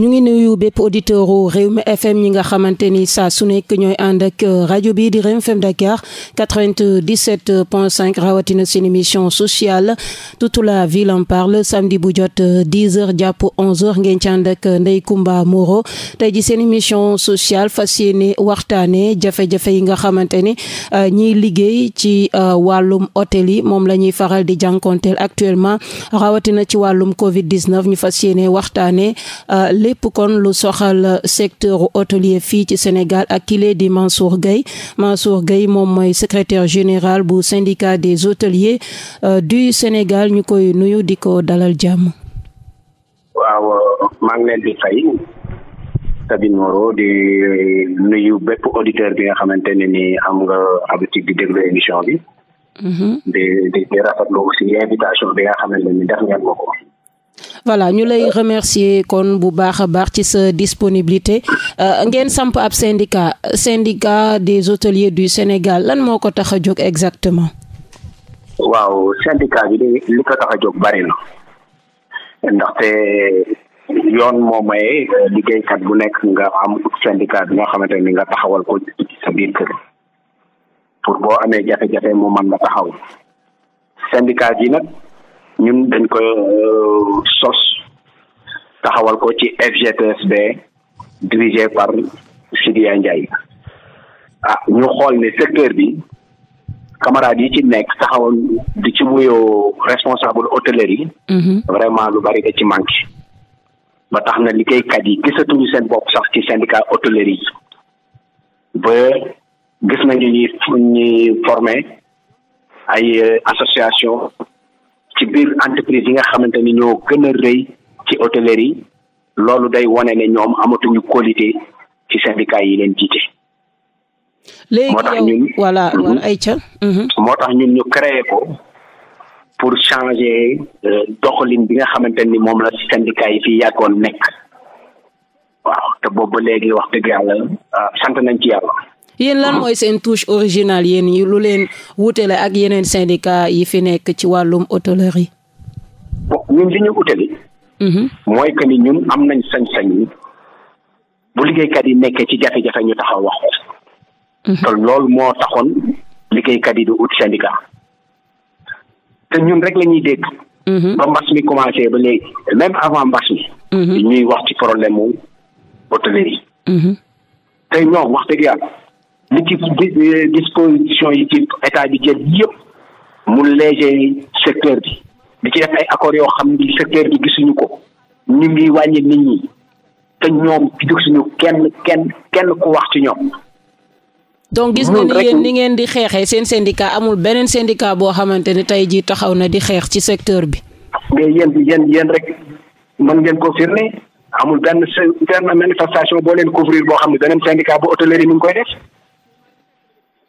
ñu ngi nuyu bépp auditeur u mi FM ñi nga xamante ni saa su nekk ñooy ànd ak euh, rajo bi di Rewmi FM Dakar 97.5 rawatina seen émission sociale toute la ville en parle samedi bu jot 10 euh, heures jàpp 11 heures ngeen ci ànd ak euh, Ndeye Comba Moreau tey ji seen mission sociale fas yéene waxtaane jafe-jafe yi nga xamante ni ñiy liggéey ci wàllum hôtel yi moom la ñuy faral di jànkonteel actuellement rawatina ci wàllum Covid 19 ñu fas yéene waxtaane lépp kon lu soxal secteur hôtelier fii ci Sénégal ak kile di Mansour Gueye Mansour Gueye moom mooy secrétaire général bu syndicat des hôteliers euh, du Sénégal ñu koy nuyu di ko dalal jàmm. waaw maa ngi leen di fay Sabine Moro di nuyu bépp auditeur bi nga xamante ne ni am nga habitude di déglu émission bi. Mhm. di di di rafetlu aussi invitation bi nga xamante ni def ngeen ko. voilà ñu lay remercier kon bu baax a baax ci sa disponibilité euh, ngeen samp ab syndicat syndicat des hôteliers du Sénégal lan moo ko tax a jóg exactement. waaw syndicat bi li ko tax a jóg bari na ndaxte yoon moo maye liggéeykat bu nekk nga am syndicat bi nga xamante ni nga taxawal ko sa pour boo amee jafe-jafe mu mën nga taxaw syndicat ji nag. ñu dañ ko euh, sos taxawal ko ci FGTSB dirigé par Sidiya Ndiaye ah ñu xool ne secteur bi camarades yi ci nekk taxawal di ci wuyoo responsable hôtellerie yi mhm. vraiment lu bari da ci manqué ba tax na liggéeykat yi gisatuñu seen bopp sax ci syndicat hôtellerie yi ba gis nañu ñuy ñuy forme ay euh, association ci biir entreprise yi nga xamante ni ñoo gën a rëy ci hôtellerie yi loolu day wane ne ñoom amatuñu qualité ci syndicat yi leen jiite. léegi moo tax ñun voilà mhm. ay ca mhm. moo tax ñun ñu créé ko pour changer euh, doxalin bi nga xamante ni moom la syndicat yi fi yàggoon nekk waaw te boobu ba léegi wax dëgg yàlla ah, sant nañ ci yàlla. yéen lan mooy seen touche original yéen yi lu leen wutale ak yeneen syndicat yi fi nekk ci wàllum hôtellerie. bon ñun li ñu wutale. Mhm. mooy que ni ñun am nañ sañ-sañ bu liggéeykat yi nekkee ci jafe-jafe ñu taxaw wax ko. Mhm. te loolu moo taxoon liggéeykat yi du ut syndicat. te ñun rek la ñuy dégg. Mhm. ba mbas mi commencé ba léegi même avant mbas mi. ñuy wax ci problème mu hôtellerie. te ñoom wax dëgg yàlla. li ci disposition yi ci état bi jël yépp mu léger secteur bi li ci def ay accords yoo xam ni secteur bi gisuñu ko ñu ngi wàññi nit ñi te ñoom gisuñu kenn kenn kenn ku wax ci ñoom. donc gis nga ni yéen ni ngeen di xeexee seen syndicat amul beneen syndicat boo xamante ne tey jii taxaw na di xeex ci secteur bi. mais yéen yéen yéen rek mën ngeen ko firnde amul benn benn manifestation boo leen couvrir boo xam ne beneen syndicat bu hôtellerie mi ngi koy def.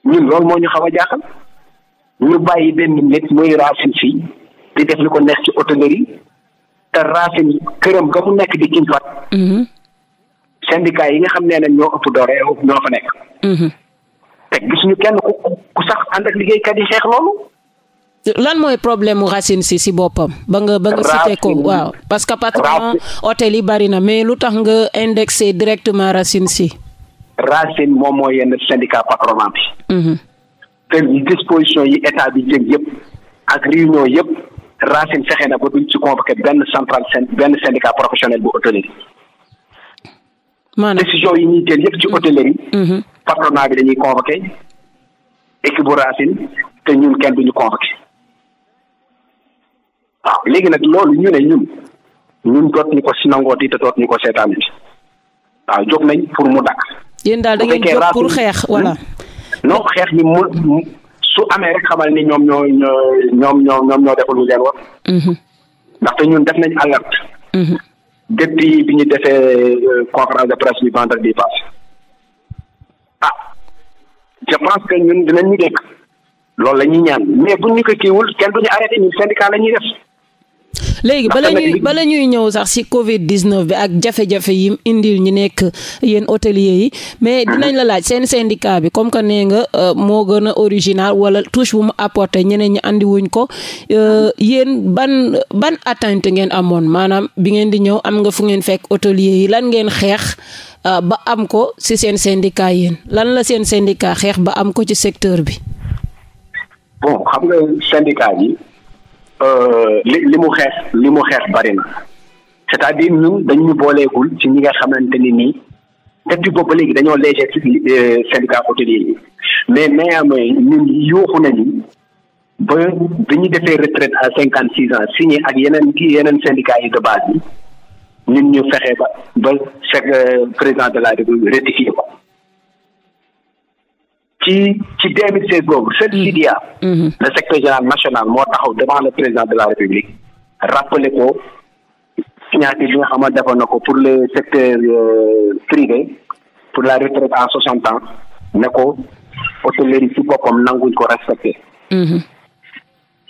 ñun loolu moo ñu xaw a jaaxal ñu bàyyi benn nit muy raasin fii di def li ko neex ci hôtellerie te raasin këram ga mu nekk di kimpat mm-hmm. syndicat yi nga xam ne ñoo ëpp doore ñoo fa nekk mm-hmm. te ñu kenn ku ku sax ànd ak liggéeykat yi xeex loolu lan mooy problème mu Racine Sy si boppam ba nga ba nga cité ko waaw parce que hôtel yi bari na mais lu tax nga indexé directement Racine si racine moom moo yenn syndicat patronat bi. Mhm. te disposition yi état bi jëg yëpp ak réunion yëpp racine fexe na ba du ci convoqué benn central benn syndicat professionnel bu hôtellerie. maanaam décision yi ñuy jël yëpp ci hôtellerie. Mhm. patronat bi dañuy convoqué équipe racine te ñun kenn duñu convoqué waaw léegi nag loolu ñu ne ñun ñun doot ñu ko si nangooti te doot ñu ko seetaan bi waaw jóg nañ pour mu dakk yéen daal da ngeen jóg pour xeex voilà. Hmm? non xeex bi mu su amee rek xamal ni ñoom ñoo ñoom ñoo ñoom ñoo deful lu leen war. Mhm. ndaxte ñun def nañ alerte. Mhm. depuis bi ñu euh, de presse bi vendredi passé ah je pense que ñun dinañ ñu dégg loolu la ñaan mais buñ ñu ko kiiwul kenn du ñu arrêté ñun syndicat la def. léegi bala ñuy bala ñuy ñëw sax ci Covid 19 bi ak jafe-jafe yi indil ñu nekk yéen hôteliers yi mais mhm. dinañ la laaj seen syndicat bi comme que nee nga euh, moo gën a original wala touche bu mu apporté ñeneen ñi andi wuñ ko euh, yéen ban ban atteinte ngeen amoon maanaam bi ngeen di ñëw am nga fu ngeen fekk hôteliers yi lan ngeen xeex euh, ba am ko ci seen syndicat yéen lan la seen syndicat xeex ba am ko ci secteur bi. Euh, li mu xeex li mu xeex bari na c'est-à-dire ñun dañu booleekul ci ñi nga xamante ni nii depuis boobu ba léegi dañoo léger ci euh, syndicat hôtelier yi mais mais am ñun yuuxu nañu ba bi ñu defee retraite à cinquante six ans signé ak yeneen kii yeneen syndicats yi de base yi ñun ñu fexe ba ba chaque euh, président de la République rectifié ko ci ci 2016 boobu CETSIDIA mm. mm-hmm. le secteur général national moo taxaw devant le président de la république rappelé ko signature bi nga xam ne defoon na ko pour le secteur euh, privé pour la retraite à soixante ans ne ko hôtellerie ci boppam nanguñ ko respecté mm-hmm.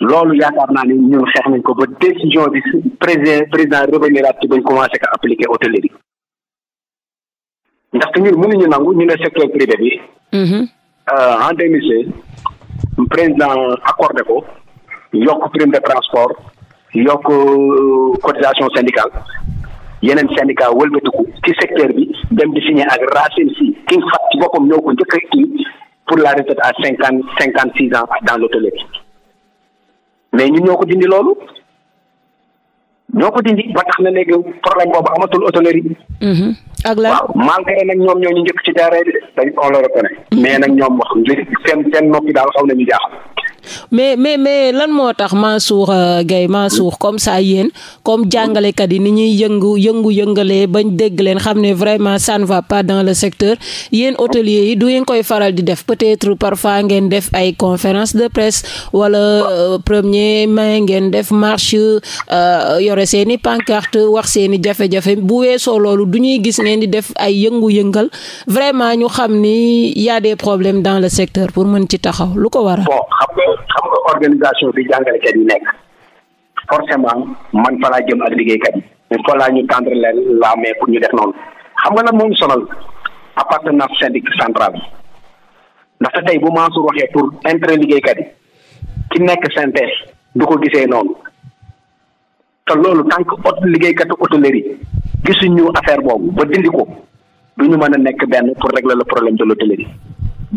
loolu yaakaar naa ni ñun xeex nañ ko ba décision bi président président revenir ci bañ commencé ko appliqué hôtellerie ndaxte ñun mënuñu nangu ñu ne secteur privé bi mm-hmm. Euh, en 2016 président accordé ko yokk prime de transport yokk euh, cotisation syndicale yeneen syndicat wëlbatiku ci secteur bi dem di ak Racine Sy ki nga xam ci boppam ñoo ko njëkk a kii pour la retraite à cinquante cinquante six ans dans l'hôtellerie mais ñun ñoo ko dindi loolu ñoo ko dindi ba tax na léegi problème boobu amatul autonomie. Mhm. ak la waaw malgré nag ñoom ñoo ñu njëkk ci terrain bi de dañ a le reconnaît. Mhm. mais nag ñoom wax li seen seen noppi daal xaw nañu jaaxal. mais mais mais lan moo tax Mansour euh, Gaye suux comme ça yéen comme jàngalekat yi ni ñuy yëngu yëngu yëngalee bañ dégg leen xam ne vraiment ça ne va pas dans le secteur yéen hôteliers yi du ngeen koy faral di def peut-être parfois ngeen def ay conférence de presse wala euh, premier mais ngeen def marche euh, yore seen i pancarte wax seen i jafe-jafe bu weesoo loolu du ñuy gis ngeen di def ay yëngu-yëngal vraiment ñu xam ni y a des problèmes dans le secteur pour mën ci taxaw lu ko waral. bon xam nga organisation bi jàngalekat yi nekk forcément man fa laa jëm ak liggéeykat yi mais fa ñu tendre leen la main pour ñu def noonu xam nga nag moom sonal appartenance syndic central bi ndaxte tey bu Mansour waxee pour intérêt liggéeykat yi ki nekk synthèse du ko gisee noonu te loolu tant que ot liggéeykatu hôtellerie gisuñu affaire boobu ba dindi ko du ñu mën a nekk benn pour régler le problème de l'hôtellerie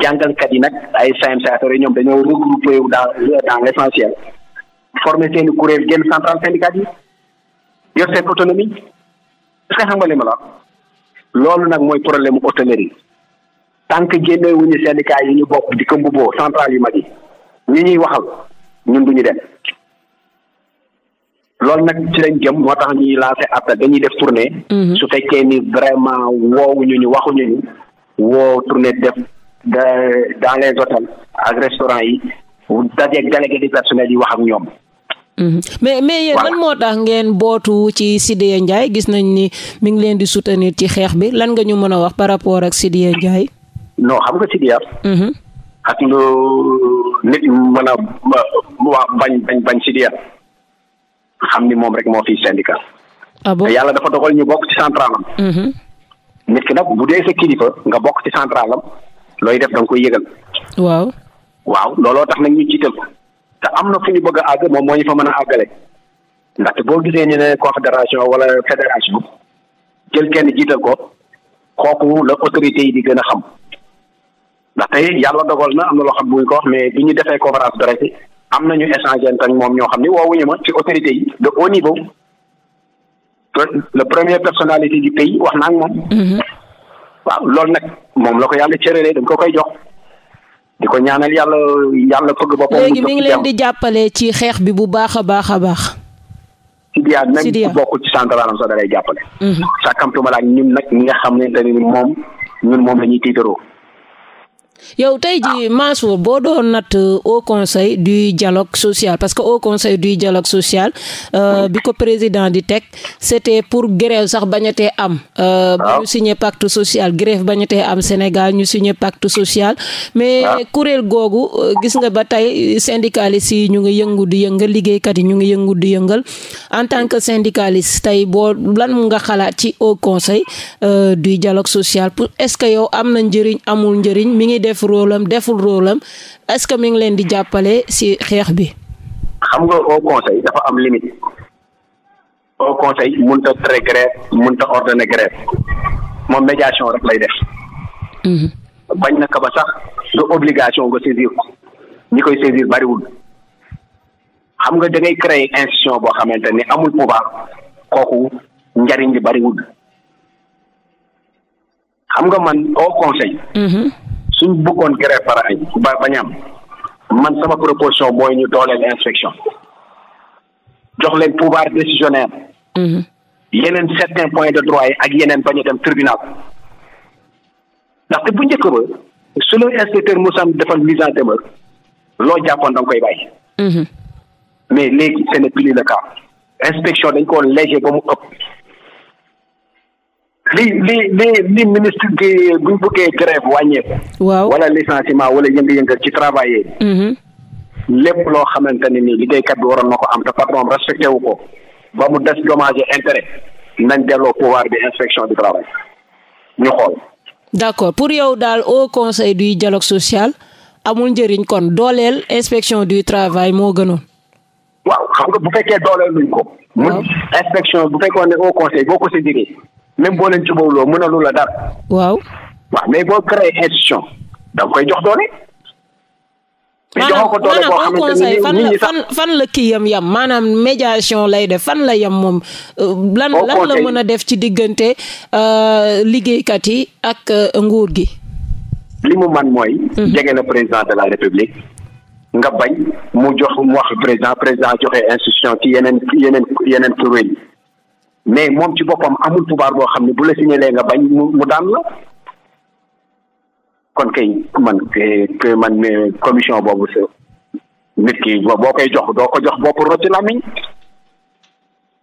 jàngalkat yi nag ay sympathiseurs yi ñoom dañoo regroupé wu dans dans l' essentiel former seen i kuréel génn central syndicat yi yor seen autonomie est que xam nga li ma la loolu nag mooy problème mu hôtellerie tant que génne wuñu yi ñu bokk di ko mbubboo central yu mag yi ñi ñuy waxal ñun du ñu dem. loolu nag ci lañ jëm moo tax ñuy lancé appel dañuy def tournée. Mhm. su fekkee ni vraiment woowuñu ñu waxuñu ñu woo tournée def dans les hôtels ak restaurants yi dajeeg délégué du personnel yi wax ak ñoom. Mhm. mais mais yéen lan moo tax ngeen bootu ci Sidya Ndiaye gis nañ ni mu ngi leen di soutenir ci xeex bi lan nga ñu mën a wax par rapport ak Sidya Ndiaye. non xam nga Sidya. Mhm. ak lu nit mën a bañ bañ bañ Sidya. xam ni moom rek moo fiy syndicat. ah bon yàlla dafa dogal ñu bokk ci central am. Mm-hmm. nit ki nag bu dee sa kilifa nga bokk ci central am looy def da nga koy yëgal. waaw. waaw looloo tax nag ñu jiital ko te am na fu ñu bëgg a àgg moom moo ñu fa mën a àggale ndaxte boo gisee ñu ne confédération wala fédération jël kenn jiital ko kooku la autorité yi di gën a xam ndaxte yàlla dogal na am na loo xam bu ñu ko wax mais bi ñu defee conférence de am nañu échange ak moom ñoo xam ni woowuñu ma ci autorité yi de haut niveau le premier personnalité du pays wax naa ak moom. Mhm. waaw loolu nag moom la ko yàlla cëralee dañ ko koy jox di ko ñaanal yàlla yàlla fëgg boppam. léegi mi ngi leen di jàppale ci xeex bi bu baax a baax a baax. Sidiya même ku bokkul ci central am sax da lay jàppale. Mhm. sàkkamtuma la ak ñun nag ñi nga xam ne ni moom ñun moom la tiitaroo. yow tey ji ah. Mansour boo doon natt euh, au conseil du dialogue social parce que au conseil du dialogue social euh, bi ko président di teg c'était pour grève sax bañatee am euh, ah. ba ñu signé pacte social grève bañatee am Sénégal ñu signé pacte social mais ah. kuréel googu gis nga ba tey syndicalistes yi ñu ngi yëngu di yëngal liggéeykat yi ñu ngi yëngu di yëngal en tant que syndicaliste tey boo lan mu nga xalaat ci au conseil du dialogue social pour est-ce que yow am na njëriñ amul njëriñ mi ngi def rôle am deful rôle am est-ce que mu ngi leen di jàppale si xeex bi. xam nga au conseil dafa am limite au conseil mënut a tere grève mënut a ordonner grève moom médiation rek lay def. Mhm. bañ na ka ba sax du obligation nga saisir ko ñi koy saisir bariwul xam nga dangay ngay créer institution boo xamante ni amul pouvoir kooku njariñ li bariwul xam nga man o conseil. Mhm. suñ bëggoon grève parents yi ba bañ am man sama proposition booy ñu dooleel inspection jox leen pouvoir décisionnaire. Mhm. yeneen certains points de droit yi ak yeneen bañ a dem tribunal ndaxte bu njëkk ba su la inspecteur Moussa defal mise en demeure loo jàppoon da koy bàyyi. Mhm. mais léegi ce n'est plus le inspection dañ ko léger ba mu ëpp. li li li li ministre bi bu bëggee grève wàññeeku. waaw wala licenciement wala yëngu-yëngal ci travailleur yi. Mhm. lépp loo xamante ne ni liggéeykat bi waroon na ko am te patron respecté wu ko ba mu des dommage intérêt nañ delloo pouvoir bi inspection du travail ñu xool. d'accord pour yow daal au conseil du dialogue social amul njëriñ kon dooleel inspection du travail moo gënoon. waaw xam nga bu fekkee dooleel luñ ko. mun inspection bu fekkoon ne au conseil boo ko si même boo leen jubóoloo mënalu la dara. waaw. waaw mais boo créé institution da koy jox doole. mais ko doole boo xamante ne fan fan la kii yam yam maanaam médiation lay def fan la yam moom. Euh, lan lan la mën a def ci diggante euh, liggéeykat yi ak euh, nguur gi. li mu man mooy. Mhm. jege na président de la république. nga bañ mu jox mu wax président président joxe institution ci yeneen yeneen yeneen kuréel yi. mais moom ci boppam amul tubaar boo xam ne bu la signalee nga bañ mu mu daan la kon kay man kay man commission boobu sa nit ki boo koy jox doo ko jox bopp rocc làmmiñ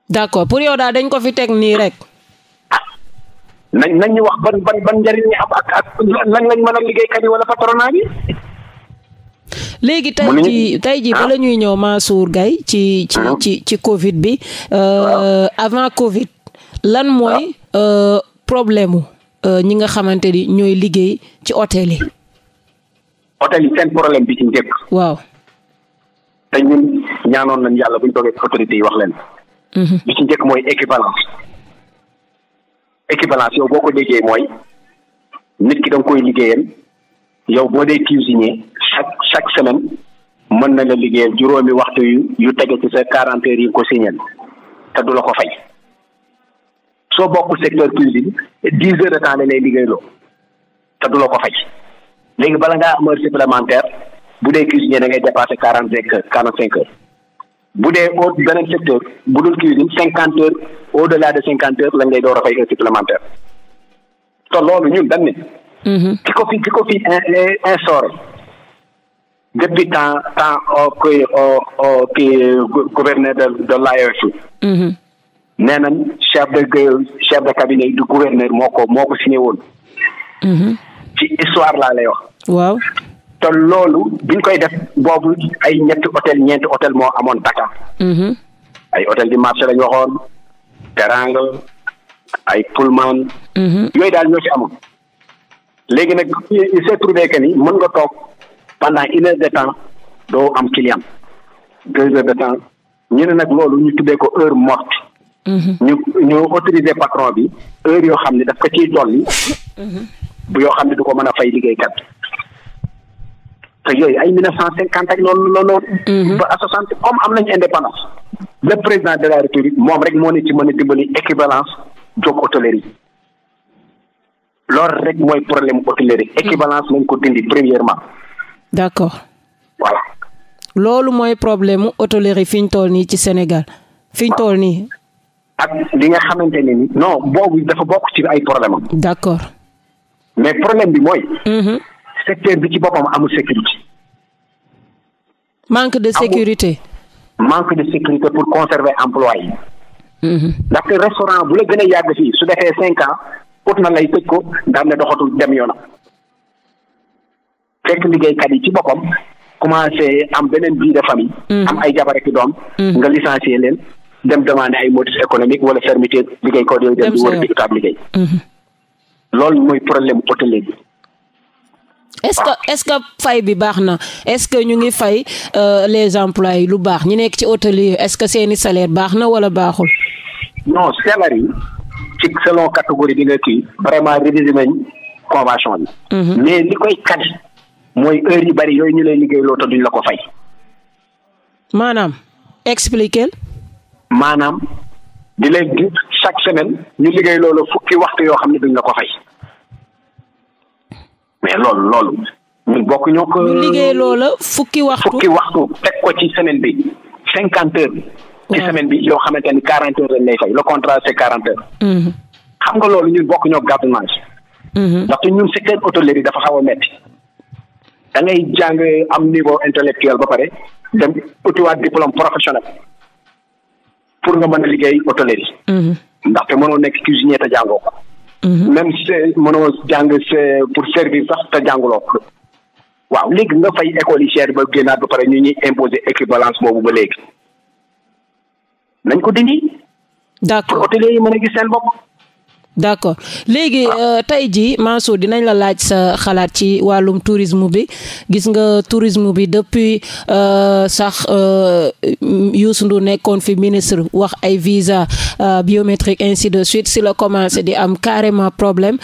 d'accord pour yow daal dañ ko fi teg nii rek nañ nañ ñu wax ban ban ban njariñ ñi am ak ak lan lañ mën a liggéeykat yi wala patronat léegi tey ji tey ji bala ah. ñuy ñëw Mansour Gaye ci ci ah. ci ci Covid bi euh, ah. avant Covid lan mooy euh, problème euh, ñi nga xamante ni ñooy liggéey ci hôtel yi. hôtel yi seen problème bi ci njëkk. waaw. te ñun ñaanoon nañ yàlla buñ toogee autorité yi wax leen. Mhm. bi ci njëkk mooy équivalence. équivalence yow boo ko déggee mooy nit ki da koy liggéeyal yow boo dee cuisinier chaque chaque semaine mën na la liggéeyal juróomi waxtu yu yu tege ci sa quarante heures yi ko signal te du la ko fay soo bokk secteur cuisine dix heures de temps la lay liggéeyloo te du la ko fay léegi bala ngaa am heure supplémentaire bu dee cuisinier da ngay dépasser quarante cinq heures quarante cinq heures bu dee au beneen secteur bu dul cuisine cinquante heures de la de cinquante heures la ngay door a fay heure supplémentaire te ki mm-hmm. ko fi ki ko fi instauré depuis temps temps o gouverneur de de l'AEF mm-hmm. nee nañ chef de chef de cabinet du gouverneur moo ko moo ko signé woon mm-hmm. ci histoire laa lay wax waaw te loolu biñ koy def boobu ay ñetti hôtel ñeenti hôtel moo amoon Dakar ay hôtel di marché lañu waxoon Teranga ay Pullman yooyu daal ñoo ci amoon léegi nag il s'est trouvé que ni mën nga toog pendant une heure de temps doo am client deux heures de temps ñu ne nag loolu ñu tuddee ko heure morte. Mhm. ñu ñu autorisé patron bi heure yoo xam ne daf ko ci dolli. bu mhm. yoo xam ne du ko mën a fay liggéeykat bi. te yooyu ay mille neuf cent cinquante ak loolu loolu. Mhm. ba à soixante comme am nañu indépendance. le président de la république moom rek moo ni ci mën a dimbali équivalence jóg hôtellerie loolu rek mooy problème hôtellerie hmm. équivalence nañ ko dindi premièrement. d' accord. voilà. loolu mooy problème mu hôtellerie fi nii ci Sénégal fi ñu nii. ak li nga xamante ni. non boobu dafa bokk ci ay problème am. d' accord. mais problème bi mooy. Mm-hmm. secteur bi ci boppam amul sécurité. manque de sécurité. manque de sécurité pour conserver emploi yi. Mm-hmm. ndaxte restaurant bu la gën a yàgg fii su defee cinq ans. ut na lay tëj ko nga xam ne doxatul dem yoonam fekk liggéeykat yi ci boppam commencé am beneen vie de famille. Mm-hmm. am ay jabar ak doom. Mm-hmm. nga licencier leen dem demander ay motifs économiques wala fermeture liggéey ko yooyu dem di wër mm-hmm. loolu mooy problème hôtelier ce que est-ce que fay bi baax na est-ce que ñu ngi fay euh, les employés lu baax ñu nekk ci hôtelier est-ce que seeni salaire baax na wala baaxul. non salaire ci selon catégorie bi nga kii vraiment réviser nañ convention bi. Mhm. mais li koy kadi mooy heure yu bari yooyu ñu lay liggéey loo te la ko fay. maanaam expliquer. maanaam di lay di chaque semaine ñu liggéey loolu fukki waxtu yoo xam ne duñ la ko fay mais loolu loolu. ñu bokk ñoo ko. liggéey loola fukki waxtu fukki teg ko ci semaine bi cinquante heures. ci semaine bi yoo xamante ni quarante heures lañ lay fay le contrat c' est quarante heures. Mm-hmm. xam nga loolu ñun bokk ñoo gardiennage. Mm-hmm. ndaxte ñun secteur hôtellerie dafa xaw a metti da ngay jàng am niveau intellectuel ba pare dem utiwaat diplôme professionnel pour nga mën a liggéey hôtellerie. Mm-hmm. ndaxte mënoo nekk cuisinier te jàngoo ko. même c' mënoo jàng pour servir sax te jànguloo ko. waaw léegi nga fay école yi cher ba génnaat ba pare ñu ñuy imposer équivalence boobu ba léegi. nañ ko dindi. d'accord pour hôteliers yi mën a gis seen bopp. d' accord léegi euh, tey jii Mansour dinañ la laaj sa xalaat ci wàllum tourisme bi gis nga tourisme bi depuis euh, sax euh, Youssou Ndour nekkoon fi ministre wax ay visa biométrique ainsi de suite si la commencé di am carrément problème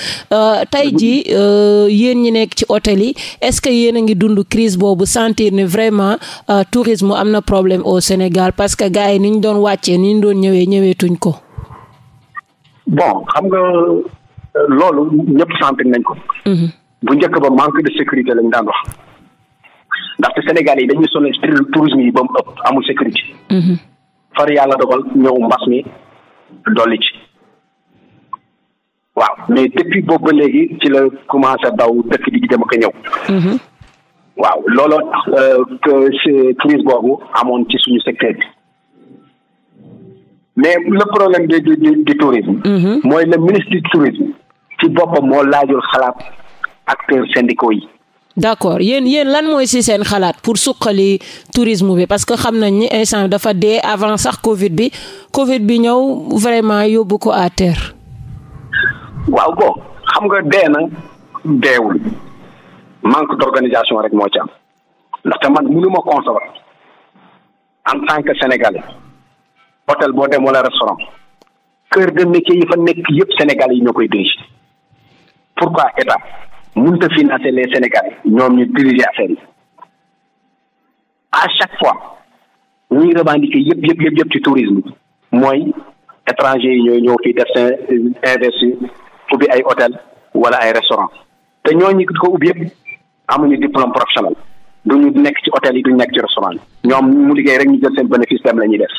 tey jii yéen ñi nekk ci hôtel yi est ce que yéen a ngi dund crise boobu santir ne vraiment tourisme am na problème au Sénégal parce que gars yi ni ñu doon wàccee ni ñu doon ñëwee ñëweetuñ ko. bon xam nga euh, loolu ñëpp sentir nañ ko. Mhm. bu njëkk ba manque de sécurité lañ daan wax. ndaxte Sénégal yi dañuy sonal tourisme yi ba mu ëpp amul sécurité. Mhm. far yàlla dogal ñëw mbas mi dolli ci. waaw mais depuis boobu ba léegi ci la commencé daw dëkk bi di dem ak ñëw. Mhm. waaw looloo euh, crise boobu amoon ci suñu secteur mais le problème de tourisme. Mhm. mooy le ministre du tourisme. ci boppam moo laajul xalaat acteurs syndicaux yi. d' accord yéen yéen lan mooy si seen xalaat pour suqali tourisme bi parce que xam nañ ni instant dafa dee avant sax Covid bi Covid bi ñëw vraiment yóbbu ko à terre. waaw bon xam nga dee na deewul manque d' rek moo ci am ndaxte man mënu ma concevoir en tant que hôtel boo dem wala restaurant kër de métier yi fa nekk yëpp Sénégal yi ñoo koy dirige pourquoi état mënut a financer les Sénégalais ñoom ñu diriger affaire yi à chaque fois ñuy revendiquer yëpp yëpp yëpp yëpp ci tourisme mooy étranger yi ñooy ñëw fii def seen euh, investir ubbi ay hôtel wala ay restaurant te ñoo ñu ko ubbi yëpp amuñu diplôme professionnel duñu nekk ci hôtel yi duñu nekk ci restaurant yi ñoom mu liggéey rek ñu jël seen bénéfice dem la ñuy def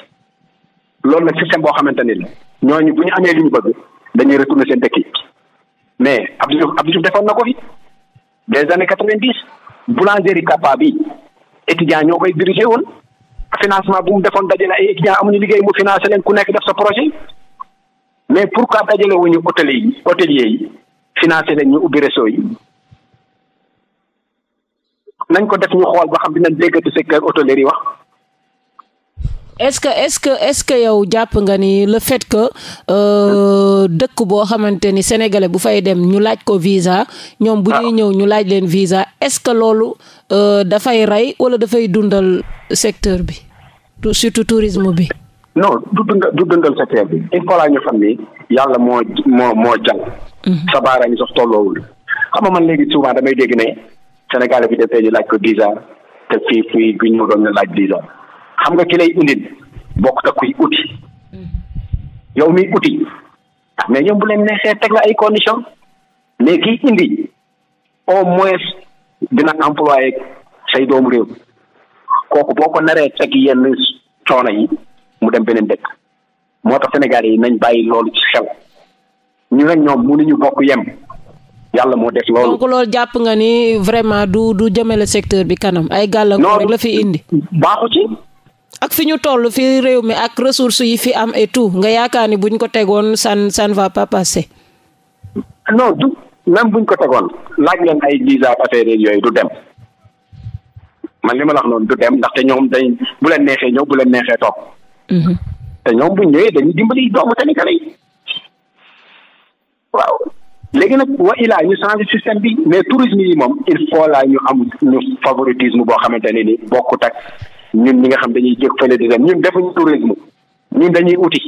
loolu nag système boo xamante ni ñooñu bu ñu amee li ñu bëgg dañuy retourner seen dëkk yi mais Abdou Diouf Abdou Diouf defoon na ko fi des années quatre vingt dix boulangerie Kapa bi étudiants ñoo koy dirigé woon financement bu mu defoon dajale ay am ñu liggéey mu financé leen ku nekk def sa projet mais pour pourquoi dajale ñu hôteliers yi hôteliers yi financé leen ñu ubbi réseau yi nañ ko def ñu xool ba xam dinañ déggati secteur hôtellerie wax. est-ce que est-ce que est-ce que yow jàpp nga ni le fait que euh, dëkk boo xamante ni sénégalais bu fay dem ñu laaj ko visa ñoom bu ñuy ah. ñëw ñu laaj leen visa est-ce que loolu euh, dafay rey wala dafay dundal secteur bi surtout tourisme bi. non du dundal du dundal secteur bi il faut ñu xam ni yàlla moo moo moo jàng. Mhm. sa baaraam sax tolloowul xam nga man léegi souvent damay dégg ne sénégalais bi dafay ñu laaj ko visa te fii fii bi ñu doon ñu laaj visa. xam nga ki lay indil bokk ak kuy uti yow miy uti mais ñoom bu leen neexee teg la ay condition mais kiy indi au moins dina employé say doomu réew kooku boo ko naree teg yenn coono yi mu dem beneen dëkk moo tax Sénégal yi nañ bàyyi loolu ci xel ñu nag ñoom ñu bokk yem yàlla moo def loolu. donc jàpp nga ni vraiment du du jëmale secteur bi kanam ay gàllankoor la fi indi. baaxu ci. ak fi ñu toll fi réew mi ak ressources yi fi am et tout nga yaakaar ni buñ ko tegoon san ça ne va pas passer. du même buñ ko tegoon laaj leen ay visa affaire yooyu du dem man li ma la noonu du dem ndaxte ñoom dañ bu leen neexee ñëw bu leen neexee toog. Mhm. te ñoom buñ ñëwee dañuy dimbali doomu Sénégalais yi waaw. léegi nag wa ilaa ñu si système bi mais tourisme yi moom il faut laa ñu am ñu favoritisme boo xamante ne ni bokkut ak ñun ñi nga xam dañuy jóg fële di dem ñun defuñu tourisme ñun dañuy uti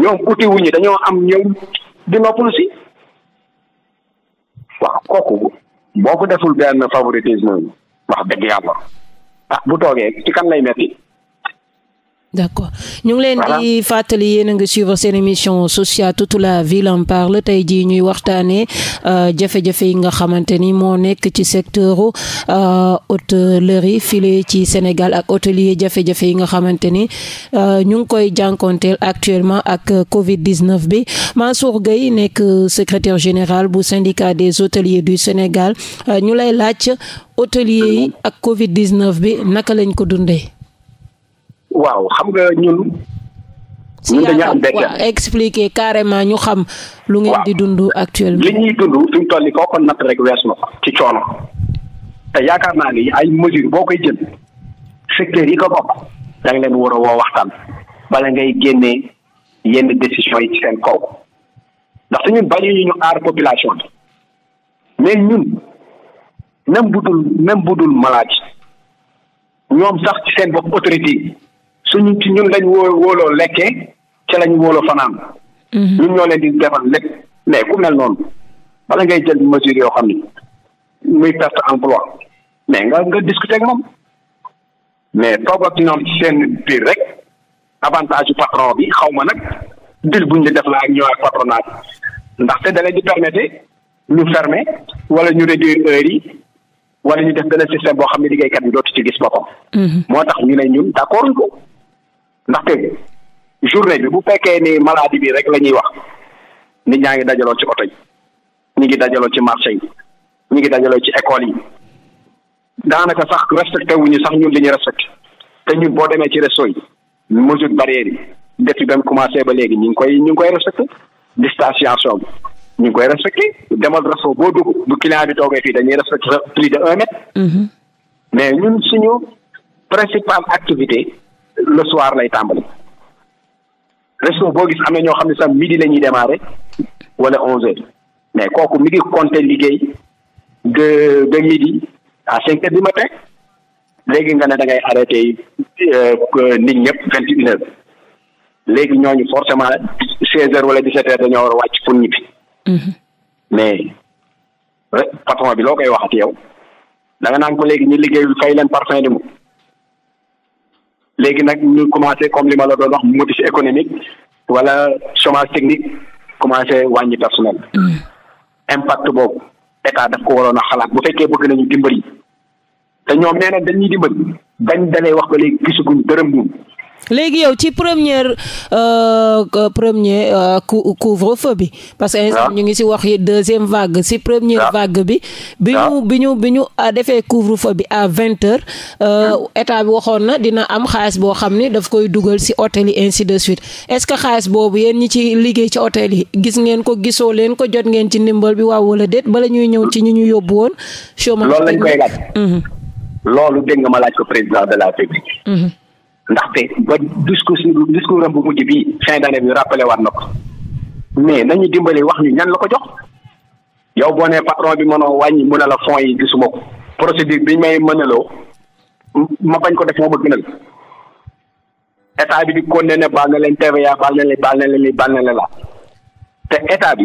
ñoom uti wuñu dañoo am ñëw di noppalu si waaw kooku boo ko deful benn favoritisme wax dëgg yàlla ah bu toogee ci kan lay metti d'accord ñu ngi leen di fàttali yéen a ngi suivre seen émission sociale toute la ville en parle tey jii ñuy waxtaanee euh, jafe-jafe yi nga xamante ni moo nekk ci secteur euh, hôtellerie file ci Sénégal ak hôtelier jafe-jafe yi nga xamante ni euh, ñu ngi koy jànkonteel actuellement ak Covid 19 bi Mansour Gueye nekk secretaire général bu syndicat des hôteliers du Sénégal ñu lay laaj hôtelier yi ak Covid 19 bi naka lañ ko dundee. waaw xam nga ñun. si yaakaar waaw expliquer carrément ñu xam. lu ngeen di dundu actuellement. li ñuy dund fi toll ni koo ko natt rek wees na ko ci coono te yaakaar naa ni ay mesures boo koy jën secteurs yi ko bokk da nga leen war a woo waxtaan bala ngay génnee yenn décisions yi ci seen kaw ndaxte ñun bañu ñu aar population bi mais ñun même bu dul même bu dul maladie ñoom sax ci seen bopp autorité suñu ci ñun lañ woo wóoloo lekkee ca lañ wóoloo fanaan. Mhm. ñun ñoo leen di defal lépp mais ku mel noonu bala ngay jël mesure yoo xam ni muy perte emploi mais nga nga discuter ak moom mais toog ak ñoom ci seen biir rek avantage yu patron bi xaw ma nag dil buñ la def la ak ñoo ak patronat ndaxte da leen di permettre ñu fermer wala ñu réduire heures yi wala ñu def benn système boo xam ne di liggéeykat bi dootu ci gis boppam. Mhm. moo tax ñu ne ñun d'accord ko. ndaxte journée bi bu fekkee ni maladie bi rek la ñuy wax nit ñaa ngi dajaloo ci oto yi ñu ngi dajaloo ci marché yi ñu ngi dajaloo ci école yi daanaka sax respecté wuñu sax ñun li ñu respecté te ñun boo demee ci resto yi mesure barrière yi depuis ba mu commencé ba léegi ñu ngi koy ñu ngi koy respecté distanciation bi ñu ngi koy respecté demal resto boo dugg bu client bi toogee fii dañuy respecté plus de un mètre mhm. mais ñun suñu principale activité le soir lay tàmbali resto boo gis am na ñoo xam ne sax midi la ñuy démarrer wala onze heures mais kooku mi ngi compter liggéey de de midi à cinq heures du matin léegi nga ne da ngay arrêté euh, nit ñëpp vingt et une léegi ñooñu forcément seize heures wala dix sept heures dañoo war a wàcc pour ñibbi mm-hmm. mais patron bi loo koy waxati yow da naan ko léegi ñu liggéeyul fay leen parfum de mu léegi nag ñu commencé comme li ma la doon wax motif économique wala chômage technique commencé wàññi personnel. Mm. impact boobu état daf ko waroon a xalaat bu fekkee bëgg nañu dimbali te ñoom nee na dañuy dimbali dañ dalee wax ba léegi gisaguñ dërëm ñun. léegi yow ci première euh, euh, premier euh, couvre-feu bi parce que ah. instant ñu ngi si wax yi deuxième vague si première ah. vague bi bi ñu ah. bi ñu bi ñu defee couvre-feu bi à vingt heures état bi waxoon na dina am xaalis boo xam ni daf koy dugal si hôtel yi ainsi de suite est-ce que xaalis boobu yéen ñi ci liggéey ci hôtel yi gis ngeen ko gisoo leen ko jot ngeen ci ndimbal bi waaw wala déet bala ñuy ñëw ci ñu ñu yóbbu woon chômage loolu lañ koy laaj mhm. loolu dégg ma laaj ko président de la ndaxte ba discours discours am bu mujj bi fin d'année bi rappelé waat na ko mais nañu dimbali wax ñu ñan la ko jox yow boo nee patron bi mënoo wàññi mu ne la fonds yi gisuma ko procédure bi may mënaloo ma bañ ko def moo ma gënal état bi di condamné baal na leen TVA baal na leen baal na leen baal na leen la te état bi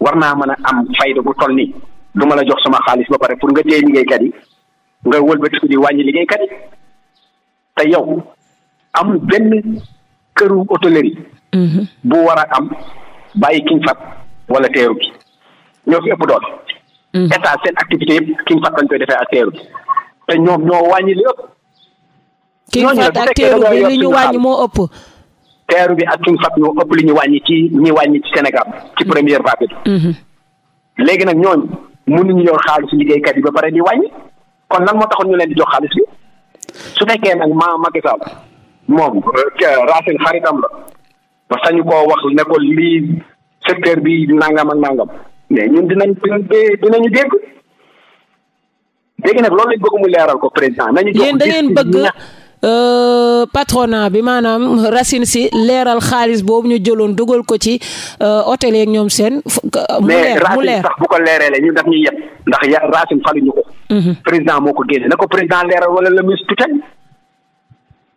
war naa mën a am fayda bu toll nii duma la jox sama xaalis ba pare pour nga téye liggéeykat yi nga wëlbatiku di wàññi liggéeykat yi. te yow amul benn këru hôtellerie mhm. bu war a am bàyyi kiñ fat wala teeru bi ñoo fi ëpp doole mhm. état seen activité yëpp kiñ fat lañ koy defee ak teeru bi te ñoom ñoo wàññi li ëpp kiñ fat ak teeru bi li ñu wàññi moo ëpp teeru bi ak kiñ ñoo ëpp li ñu wàññi ci ñi wàññi ci Sénégal ci mhm. première vague bi léegi nag ñooñu mënuñu yor xaalis liggéeykat yi ba pare di wàññi kon lan moo taxoon ñu leen di jox xaalis bi su fekkee nag ma Macky Sall moom euh, Racine xaritam la ba sañu koo wax ne lii secteur bi nangam ak nangam mais ñun dinañ dinañu dégg léegi nag loolu lañ bëgg mu leeral ko président nañu jox yéen da ngeen bëgg euh, patronat bi maanaam Racine si leeral xaalis boobu ñu jëloon dugal ko ci euh, hôtel yeeg ñoom seen mu leer leer sax bu ko leeralee ñu daf ñu yeb ndax ya Racine faluñu ko Mhm. président moo ko génne na ko président leeral wala le ministre tutelle.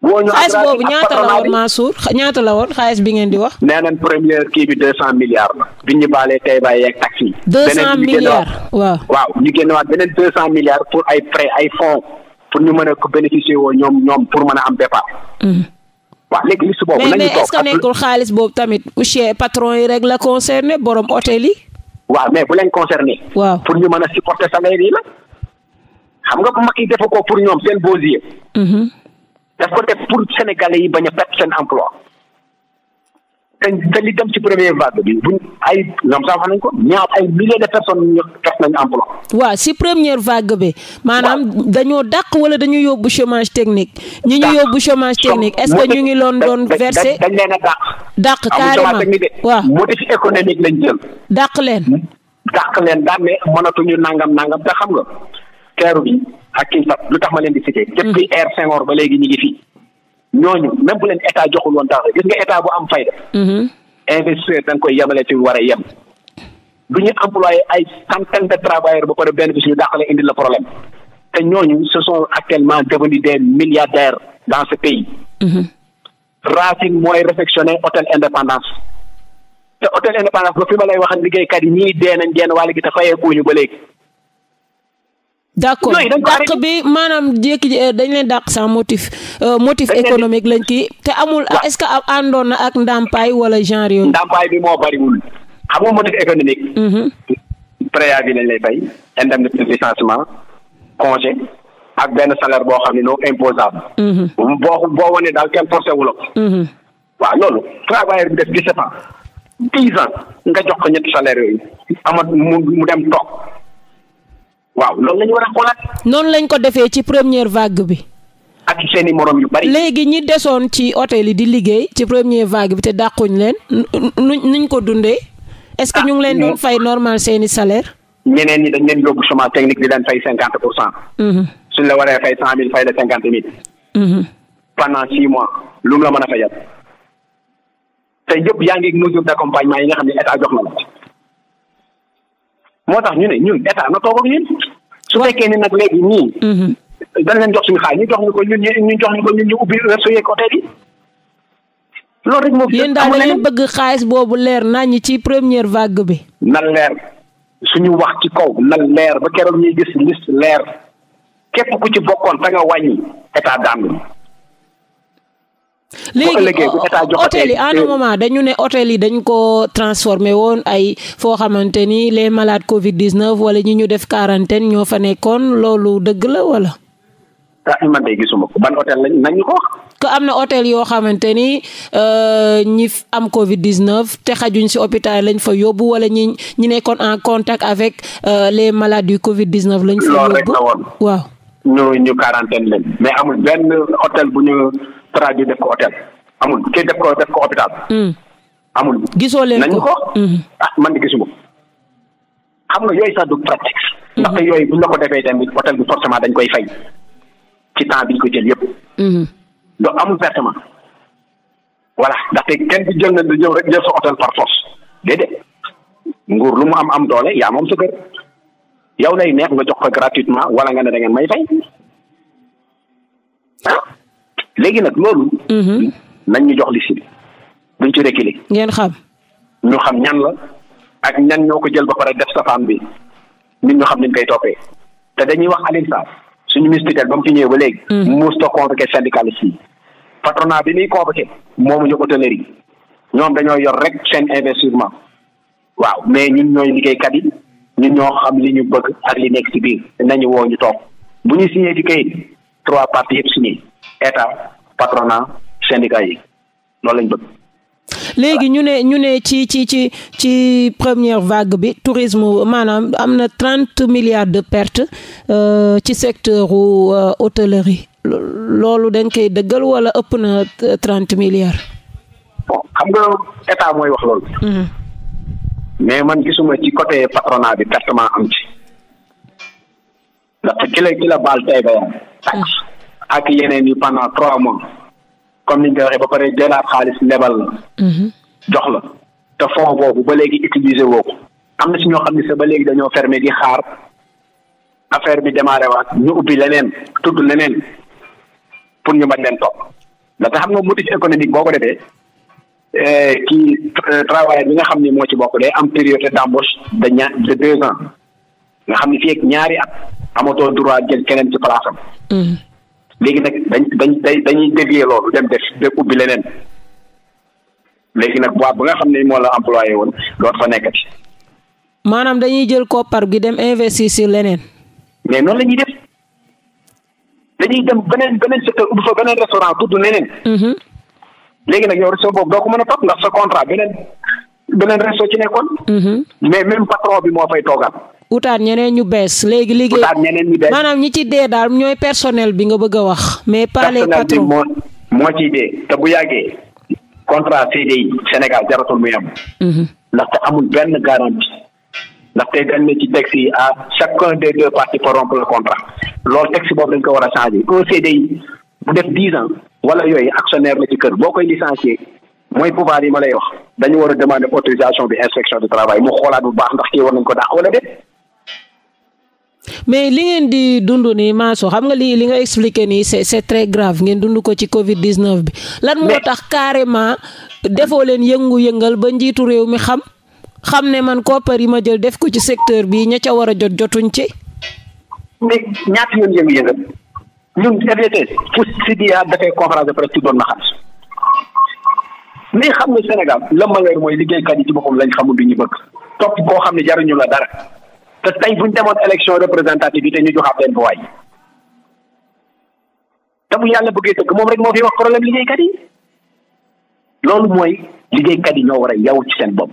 woo ñu xaalis boobu ñaata la woon Mansour ñaata la woon xaalis bi ngeen di wax. nee nañ première kii bi deux cent milliards la. bi ñu baalee tey waaw waaw ñu génnewaat beneen deux cent milliards pour ay prêts ay fonds pour ñu mën a ko bénéficier woo ñoom ñoom pour mën a am départ. Mhm. waaw léegi liste boobu nañu toog mais mais est-ce que nekkul xaalis boobu tamit monsieur patron yi rek la concerné borom hôtel yi. waaw mais bu leen concerné. waaw pour ñu mën a supporter salaire la. xam nga mag yi defu ko pour ñoom seen beaux yeux. Mhm. daf ko def pour sénégalais yi bañ a perte seen emploi. te te li dem ci première vague bi buñ ay ñoom sax wax nañ ko ñaar ay milliers de personnes ñu perte nañ emploi. waaw si première vague bi. maanaam dañoo dàq wala dañu yóbbu chômage technique. ñi ñu yóbbu chômage technique est-ce ñu ngi loon doon versé. dañ leen a dàq. dàq carrément waaw motif économique lañ jël. dàq leen. dàq leen daal mais mënatuñu nangam nangam xam nga. teeru bi ak Kinsap lu tax ma leen di cité. Hmm. depuis air Senghor ba léegi ñu ngi fii ñooñu même bu leen état joxul woon dara gis nga état bu am fayda. Hmm. investisseur da nga koy yemale ci war a yem. du ñu employé ay centaine de travailleurs ba pare benn bés ñu dàqale indi la problème te ñooñu ce sont actuellement devenus des milliardaires dans ce pays. Hmm. Racine mooy réfectionné hôtel Indépendance te hôtel Indépendance ba fi ma lay wax liggéeykat yi ñii dee nañ d' accord dàq bi maanaam jékki eh, dañ leen dàq sans motif euh, motif économique lañ kii te amul est ce que àndoon na ak ndàmpaay wala genre yooyu. ndàmpaay bi moo bariwul xam nga motif économique. Mm-hmm. préavis lañ lay fay indemnité de licenciement congé ak benn salaire boo xam ne non imposable. Mm-hmm. boo boo wane daal kenn forcé wu la mm-hmm. waaw loolu travailleur bi def dix-sept nga jox ko ñetti salaire yooyu amat mu mu dem toog. waaw loolu la war a noonu lañ ko defee ci première vague bi. ak seen i morom yu bari. léegi ñi desoon ci hôtel yi di liggéey ci première vague bi te dàquñ leen nu nuñ ko dundee. est-ce que ah, ñu leen doon fay normal seeni i salaire. ñeneen ñi dañ leen yóbbu chômage technique di leen fay cinquante pour cent. Mhm. suñ la waree fay cent mille fay la cinquante mille. Mhm. pendant six mois lu mu la mën a fayal. te yëpp yaa ngi mesure d'accompagnement yi nga xam ne état jox na la. moo tax ñu ne ñun état na toog ak ñun su fekkee ne nag léegi nii. Mhm. dañ leen jox suñu xaay ñu jox ñu ko ñun ñu jox ñu ko ñu ubbi resto yeeg hôtel yi. loolu rek moo yéen daal leen bëgg xaalis boobu leer naa ñi ci première vague bi. na leer suñu wax ci kaw na leer ba keroog ñuy gis liste leer képp ku ci bokkoon ta nga wàññi état daan léegi hôtel yi à un moment dañu ne hôtel yi dañ ko transformé woon ay foo xamante ni les malades Covid 19 wala ñi ñu def quarantaine ñoo fa nekkoon loolu dëgg la wala. ah man de gisuma ko ban hôtel lañ nañ ko. que am na hôtel yoo xamante ni euh, ñi am Covid 19 te xajuñ ci hôpital lañ fa yóbbu wala ñi ñi nekkoon en contact avec euh, les malades yu Covid 19. lañ fa yóbbu la woon waaw. ñu quarantaine lañ mais amul benn hôtel bu ñu. traduire def ko hôtel amul kii def ko hôpital. Hmm. amul gisoo leen ko ko hmm. ah man de gisuma xam nga yooyu sax du pratique. Hmm. ndaxte yooyu bu la ko defee tamit hôtel bi forcément dañ koy fay ci temps biñ ko jël yëpp. donc amul versement voilà ndaxte kenn du jël na du hôtel par force déedéet nguur lu mu am am doole yaa moom sa kër yow lay neex nga jox ko gratuitement wala nga ne da ngeen may fay. léegi nag loolu. Mhm. nañ ñu jox li bi buñ ci reculer. ngeen xam. ñu xam ñan la ak ñan ñoo ko jël ba pare def safaan bi nit ñu xam ni ñu koy toppee te dañuy wax Alioune Sarr suñu ministère ba mu ci ñëwee ba léegi. Mhm. musta convoqué syndicaliste yi patronat bi muy convoqué moomu ñu hôteliers yi ñoom dañoo yor rek seen investissement waaw mais ñu ñooy liggéeykat yi ñu ñoo xam li ñu bëgg ak li nekk ci biir nañu woo ñu toog bu ñu signé ci kayit trois parties yëpp signé. état patronat syndicat yi loolu lañ bëgg. léegi ñu ne ñu ne ci ci ci ci première vague bi tourisme maanaam am na trente milliards de pertes euh, ci secteur u euh, hôtellerie loolu dañ koy dëggal wala ëpp na trente milliards. bon xam nga état mooy wax loolu. Mm-hmm. mais man gisuma ci côté patronat bi pertement am ci. ndax ci la baal tey ba yam mm. taxe ak yeneen yi pendant trois mois comme ni ñu koy waxee ba pare jëlaat xaalis lebal la. Mhm. jox te fonds boobu ba léegi utiliser woo am na si ñoo xam ne sax ba léegi dañoo fermer di xaar affaire bi démarré waat ñu ubbi leneen tudd leneen pour ñu bañ leen topp ndaxte xam nga motif économique boo ko defee eh, kii euh, travailleur bi nga xam ni moo ci bokk day am période d'embauche de ña de deux ans nga xam ni fii ak ñaari at amatoo droit jël keneen ci place léegi nag dañ dañ dañuy dévier loolu dem def de ubbi leneen léegi nag boîte bu nga xam ne moo la employé woon doot fa nekkati. maanaam dañuy jël koppar gi dem investir si leneen. mais noonu la ñuy def dañuy dem beneen beneen secteur ubbi fa beneen restaurant tudd leneen. Mhm. léegi nag yow sa boobu doo ko mën a topp ndax sa contrat beneen beneen resto ci nekkoon. Mhm. mais même patron bi moo fay toogaat. utaat ñeneen ñu bees léegi liggéey maanaam ñi ci dee daal ñooy personnel bi nga bëgg a wax mais pas les moo moo ciy dee te bu yàggee contrat CDI Sénégal jaratul muy am mhm. ndaxte amul benn garantie ndaxte dañ ne ci texte yi à chacun des deux parties pour rompre le contrat loolu texte boobu dañ ko war a changer un CDI bu def dix ans wala yooyu actionnaire la ci kër boo koy licencier mooy pouvoir yi ma lay wax dañu war a demander autorisation bi inspection du travail mu xoolaat bu baax ndax kii war nañ ko dàq wala déet mais li ngeen di dund nii Mansour xam nga li li nga expliqué nii c'est c'est très grave ngeen dundu ko ci Covid 19 bi. lan moo tax carrément defoo leen yëngu-yëngal ba njiitu réew mi xam xam ne man koppar yi ma jël def ko ci secteur bi ña ca war a jot jotuñ ci. mais ñaata yoon yëngu-yëngal ñun RDT fu Sidiya ci doon na xam mais xam nga Sénégal la ma leer mooy liggéeykat yi ci boppam lañ xamul du ñu bëgg topp koo xam ne jaruñu la dara. te tey bu ñu demoon élection représentativité ñu joxaat leen voix yi te bu la bëggee dëgg moom rek moo fi wax problème liggéeykat yi loolu mooy liggéeykat yi ñoo war a ci seen bopp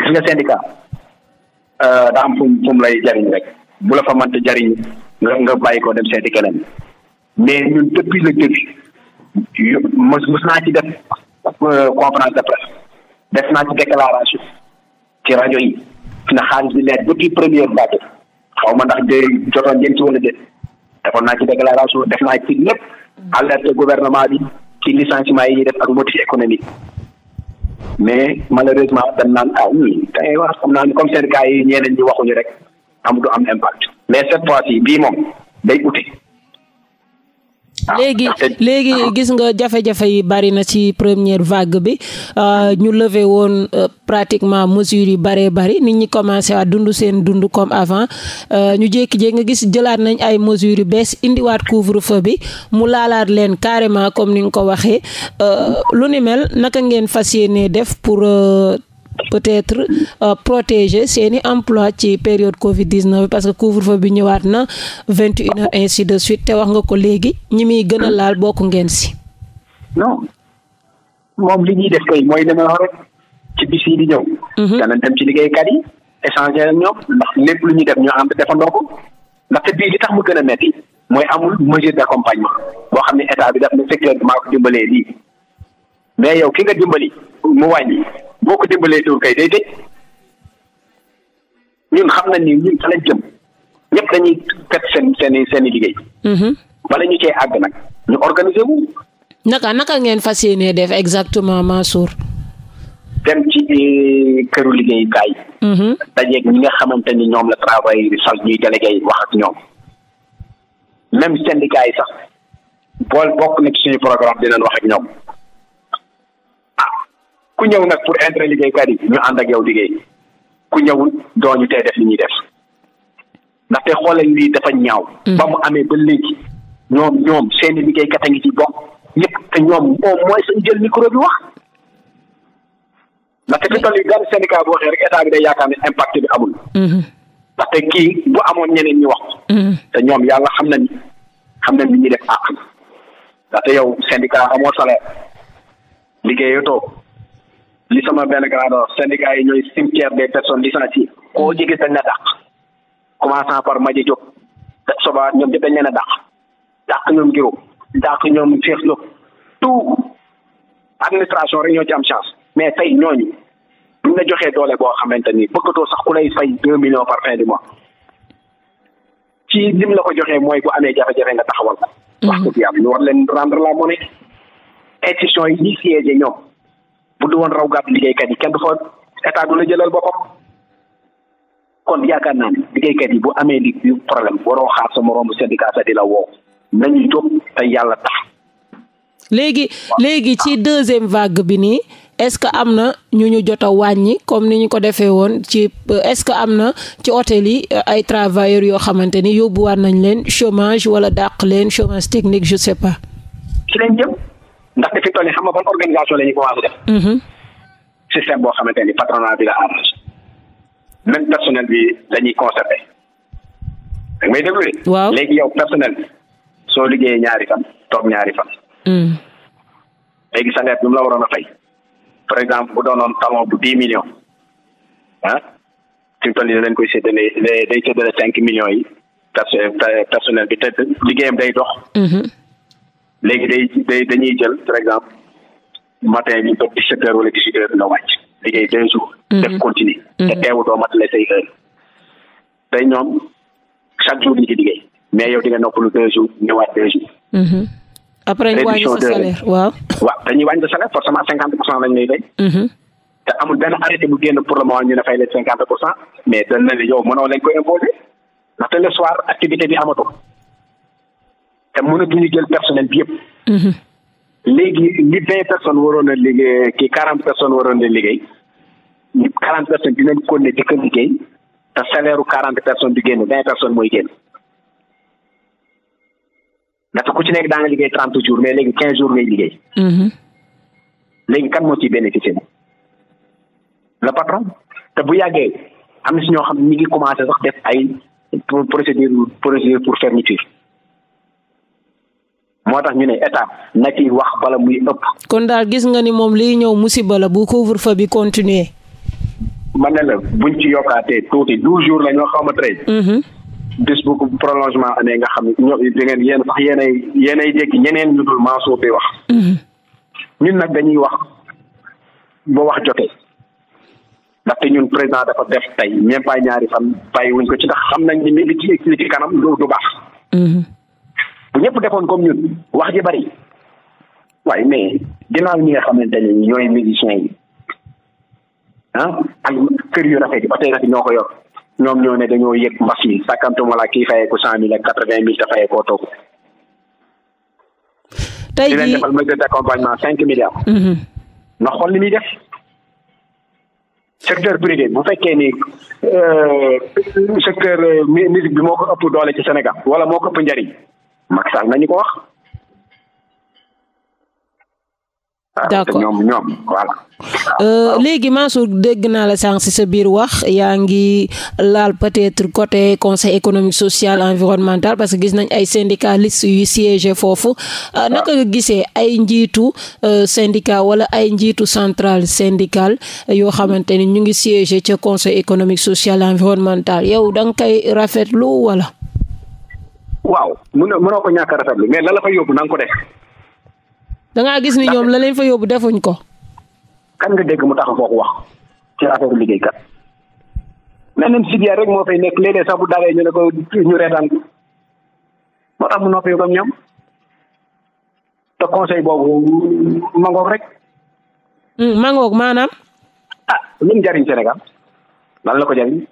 gis nga syndicat euh, daa am fu fu lay jariñ rek bu la fa jariñ nga nga bàyyi ko dem seeti keneen mais ñun depuis le début mos mos naa ci def euh, conférence de presse des naa ci déclaration ci rajo yi. na xaalis bi leer depuis première vague xaw ma ndax de jotoon ngeen ci wala de defoon naa ci déclaration def naa ci lépp alerte gouvernement bi ci licenciement yi ñuy def ak motif économique mais malheureusement dañ naan ah oui tey wax xam naa ni comme syndicat yi ñeneen ñi waxuñu rek am amutu am impact mais cette fois ci bii moom day uti léegi ah, léegi ah. gis nga jafe-jafe yi bari na ci première vague bi euh, ñu lever woon euh, pratiquement mesures yi baree bari nit ñu commencé waat dund seen dund comme avant euh, ñu jékki-jékki nga gis jëlaat nañ ay mesures yu bees indiwaat couvre-feu bi mu laalaat leen carrément comme ni nga ko waxee lu ni naka ngeen fas yéenee def pour peut-être euh, protéger seeni emploi ci période Covid 19 parce que couvre-feu bi ñëwaat na vingt et une heures ainsi de suite te wax nga ko léegi ñi muy gën a laal bokk ngeen si. non moom li ñuy def kay mooy li ma wax rek ci bis yi di ñëw. danañ mhm. yi échanger ñoom ndax lépp lu ñuy def ñoo am defandoo ko ndaxte bii li tax mu gën a metti mooy amul mesure d'accompagnement boo xam ne état bi daf na secteur bi maa ko dimbalee lii mais yow ki nga dimbali mu wàññi. boo ko dimbalee tuur kay day tëj ñun xam nañ ni ñun fa lañ dañuy fet seen seen i seen i liggéey. Mhm. bala ñu cee àgg nag ñu organiser wu. naka naka ngeen fas yéenee def exactement Mansour. dem ci eh, këru liggéeyukaay. Mhm. dajeeg ñi nga xamante ni ñoom la travail di sal ñuy délégué wax ak ñoom. même syndicat yi sax bool bokk na ci suñu programme dinañ wax ak ñoom. ku ñëw nag pour intérêt liggéeykat yi ñu ànd ak yow liggéey ku ñëwul doo ñu tey def li ñuy def ndaxte xoolal lii dafa ñaaw. Mm. ba mu amee ba léegi ñoom ñoom seeni liggéeykat a ngi ci bokk ñëpp te ñoom moom mooy sañ jël micro bi wax. ndaxte fi toll yi benn syndicat bi day yaakaar ne impact bi amul. Mm-hmm. ndaxte kii bu amoon ñeneen ñi wax. Mm-hmm. te ñoom yàlla xam nañ xam nañ li ñuy def àq. ndaxte yow syndicat amoo salaire liggéeyatoo. li sama benn grand doon syndicat yi ñooy cimetière des personnes licenciées koo jege dañ la dàq commençant par Maji Diop soba ñoom ñëpp dañ leen a dàq dàq ñoom Giro dàq ñoom Cheikh Lo tout administration rek ñoo ci am chance mais tey ñooñu buñ la joxee doole boo xamante ni bëggatoo sax ku lay fay deux millions par fin du mois ci lim la ko joxe mooy bu amee jafe-jafe nga taxawal ko. Mm-hmm. wax dëgg yàlla war leen rendre la monnaie. institution yi ñuy siégé ñoom. bu du woon raw gàddu liggéeykat yi kenn du fa état du la jëlal boppam kon yaakaar naa ne liggéeykat yi bu amee li problème waroo xaar sa moroomu syndicat sa di la woo nañu jóg yàlla tax. léegi ci deuxième vague bi nii est-ce que am na ñu ñu jot a wàññi comme ni ñu ko defee woon ci est-ce que am na ci hôtel yi euh, ay travailleurs yoo xamante ni yóbbu yóbbuwaat nañ leen chomage wala dàq leen chômage technique je sais pas. ci leen jëm ndax fi mu toll nii xam nga ban organisation la ñuy commencé mhm. système boo xamante ni patronat bi la arrangé même personnel bi la ñuy concerté da ngay déglu de. waaw léegi yow personnel bi soo liggéeyee ñaari fan toog ñaari fan. Mm. léegi salaire bi mu la waroon a fay par exemple bu doonoon talon bu dix millions ah fi mu toll nii dañ koy séddale day séddale cinq millions yi personnel bi te liggéeyam day dox. Mhm. léegi day day dañuy jël par exemple matin bi ba dix sept heures wala dix huit heures nga wàcc liggéey deux jours. Mhm. def continue mhm. te teewu doo matale say heures te ñoom chaque jour ñu ci liggéey mais yow di nga noppalu deux jours ñëwaat deux jours. Mhm. après ñu wàññi sa salaire waaw. waaw dañuy wàññi sa salaire forcément cinquante pour cent lañ lay te amul benn arrêté bu génn pour le ñu ne fay leen cinquante pour cent mais dañ na ne yow mënoo lañ ko imposer ndaxte le soir activité bi amatul. te mënatuñu jël personnel bi yëpp. Mhm. léegi li vingt personnes waroon a liggéey kii quarante personnes waroon a liggéey ñu quarante personnes dinañ ko ne di ko liggéey te salaire u quarante personnes du génn vingt personnes mooy génn ndax ci nekk daa nga liggéey trente jours mais léegi quinze jours ngay liggéey. Mhm. léegi kan moo ciy bénéficier patron te bu yàggee am na si ñoo xam ñu ngi commencé sax def ay procédure procédure pour fermeture. moo tax ñu ne état nag yi wax bala muy ëpp. kon daal gis nga ni moom liy ñëw musiba la bu couvre feu bi continuer. man ne la buñ ci yokkaatee tuuti douze jours la ñoo xawma treize. gis mhm. bu prolongement amee nga xam ñoo ñoom da ngeen yéen sax yéenay yéenay dégg ñeneen ñu dul Mansour bi wax. Mhm. ñun nag dañuy wax ba wax jotee. ndaxte ñun président dafa def tey même pas ñaari fan wuñ ko ci ndax xam nañ ni li ci kanam du du baax. Mhm. bu ñëpp defoon comme ñun wax ji bari waaye mais ginnaaw ñi nga xamante ne ñooy musiciens yi ah ak kër yu rafet yi oto yi rafet ñoo ko yor ñoom ñoo ne dañoo yëg mbas mi sàkkantuma la kii fayee ko cent mille ak quatre vingt mille te fayee koo toog. tey jii di leen defal mesure mhm. def. secteur privé bu fekkee ni euh, secteur euh, musique bi moo ko ëpp doole ci Sénégal wala moo ko ëpp njariñ Macky Sall nañu ko wax. Ah, d'accord ñoom euh, dégg naa la sànq si sa biir wax yaa ngi laal peut-être côté conseil économique social environnemental parce que gis nañ ay syndicalistes yu siégé foofu. Euh, ah. naka nga gisee ay njiitu euh, syndicat wala ay njiitu centrale syndicale yoo xamante ni ñu ngi siégé ci conseil économique social environnemental yow da nga koy rafetlu wala. waaw mun na mënoo ko ñàkk a rafetlu mais la la fa yóbbu na ko def. da gis ni ñoom la leen fa yóbbu defuñ ko. kan nga dégg mu tax foofu wax ci affaire liggéeykat. leneen sibiya rek moo fay sax bu dalee ñu ne ko ñu reetaan ko moo tax mu noppi comme ñoom te conseil boobu mangoog rek. Hmm, mangoog maanaam. ah lu jariñ Sénégal lan la ko jariñ.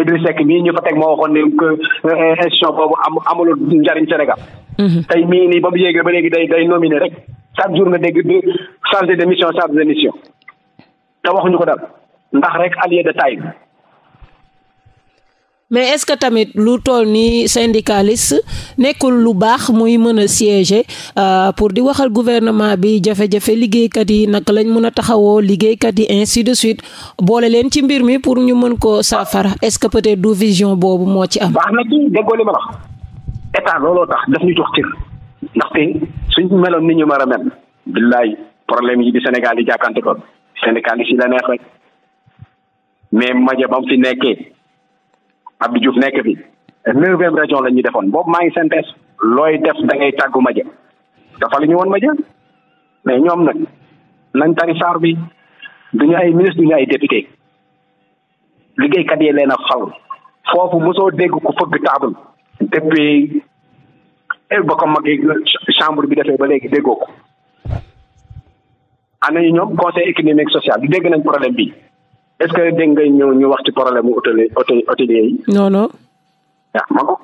Idriss Seck mii ñu fa teg moo waxoon ne euh, institution boobu am amulul njariñ Sénégal. Mhm. tey mii nii ba mu yéegee ba léegi day day nominé rek chaque jour nga dégg di chargé de mission chargé de mission te waxuñu ko daal ndax rek allié de taille mais est-ce que tamit lu toll ni syndicaliste nekkul lu baax muy mën a siéger euh, pour di waxal gouvernement bi jafe-jafe liggéeykat yi naka lañ mën a taxawoo liggéeykat yi ainsi de suite boole leen ci mbir mi pour ñu mën koo saafara est-ce que peut-être du vision boobu moo ci am. baax na ci li ma wax état looloo tax daf ñu jox cër ndaxte suñ meloon ni ñu mën a mel billaay problème yi di Sénégal yi jàkkante ko syndicaliste yi la neex rek mais maja ba fi nekkee. Abdou Diouf nekk bi neuvième région la ñuy defoon boobu maa ngi synthèse looy def da ngay tàggu ma jë dafa woon ma jë mais ñoom nag nañ tari saar bi duñu ay ministre ñu ay député liggéeykat yi leen a xaw foofu mosoo dégg ku fëgg table depuis ba ko mag chambre bi defee ba léegi déggoo ko ana ñu ñoom conseil économique social dégg nañ problème bi est-ce que dégg ngay ñëw ñu wax ci problème mu hôtelier hôtelier yi. non non. Ah, yaa ma ko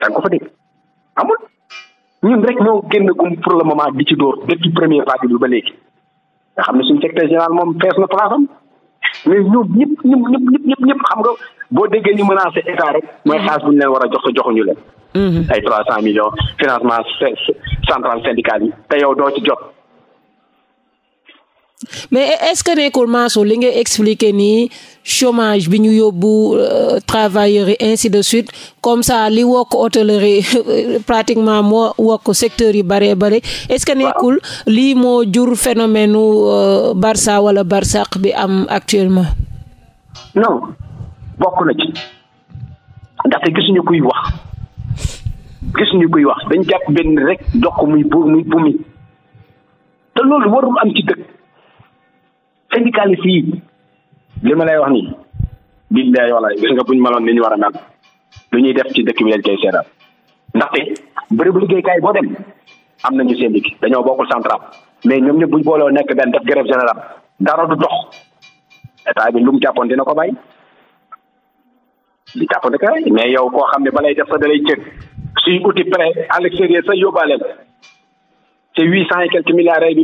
da nga ko fa dégg amul ñun rek ñoo génn gum pour di ci dóor depuis premier vague bi ba léegi nga xam ne suñu te général moom fees na place am mais ñoom ñëpp xam nga boo déggee ñu menacé état rek mooy xaalis bu leen war a jox te joxuñu leen. Mm-hmm. ay trois cent millions financement central syndical yi te yow doo ci jot. mais est-ce que nekkul Mansour li nga expliqué nii chômage bi ñu yóbbu euh, travailleurs yi ainsi de suite comme ça li wokk hôtellerie euh, pratiquement moo wokk secteurs yi bare bare est-ce que nekkul lii moo jur phénomène u euh, Barça wala Barsaq bi am actuellement non bokk na ci ndaxte gisuñu koy wax gisuñu kuy wax dañ jàpp benn rek dox muy bu muy bu mi te loolu warul am ci dëkk syndicaliste yi li ma lay wax nii billaay walaay gis nga buñ meloon ni ñu war a mel lu ñuy def ci dëkk bi lañ koy seetaan ndaxte bërëbu liggéeykaay boo dem am nañu syndic dañoo bokkul central mais ñoom ñëpp buñ booloo nekk benn def grève générale dara du dox état bi lu mu jàppoon dina ko bàyyi li jàppoon kay mais yow koo xam ne balay def sa dalay cër suy outil prêt à l'extérieur sa yóbbaale la te huit cent et quelques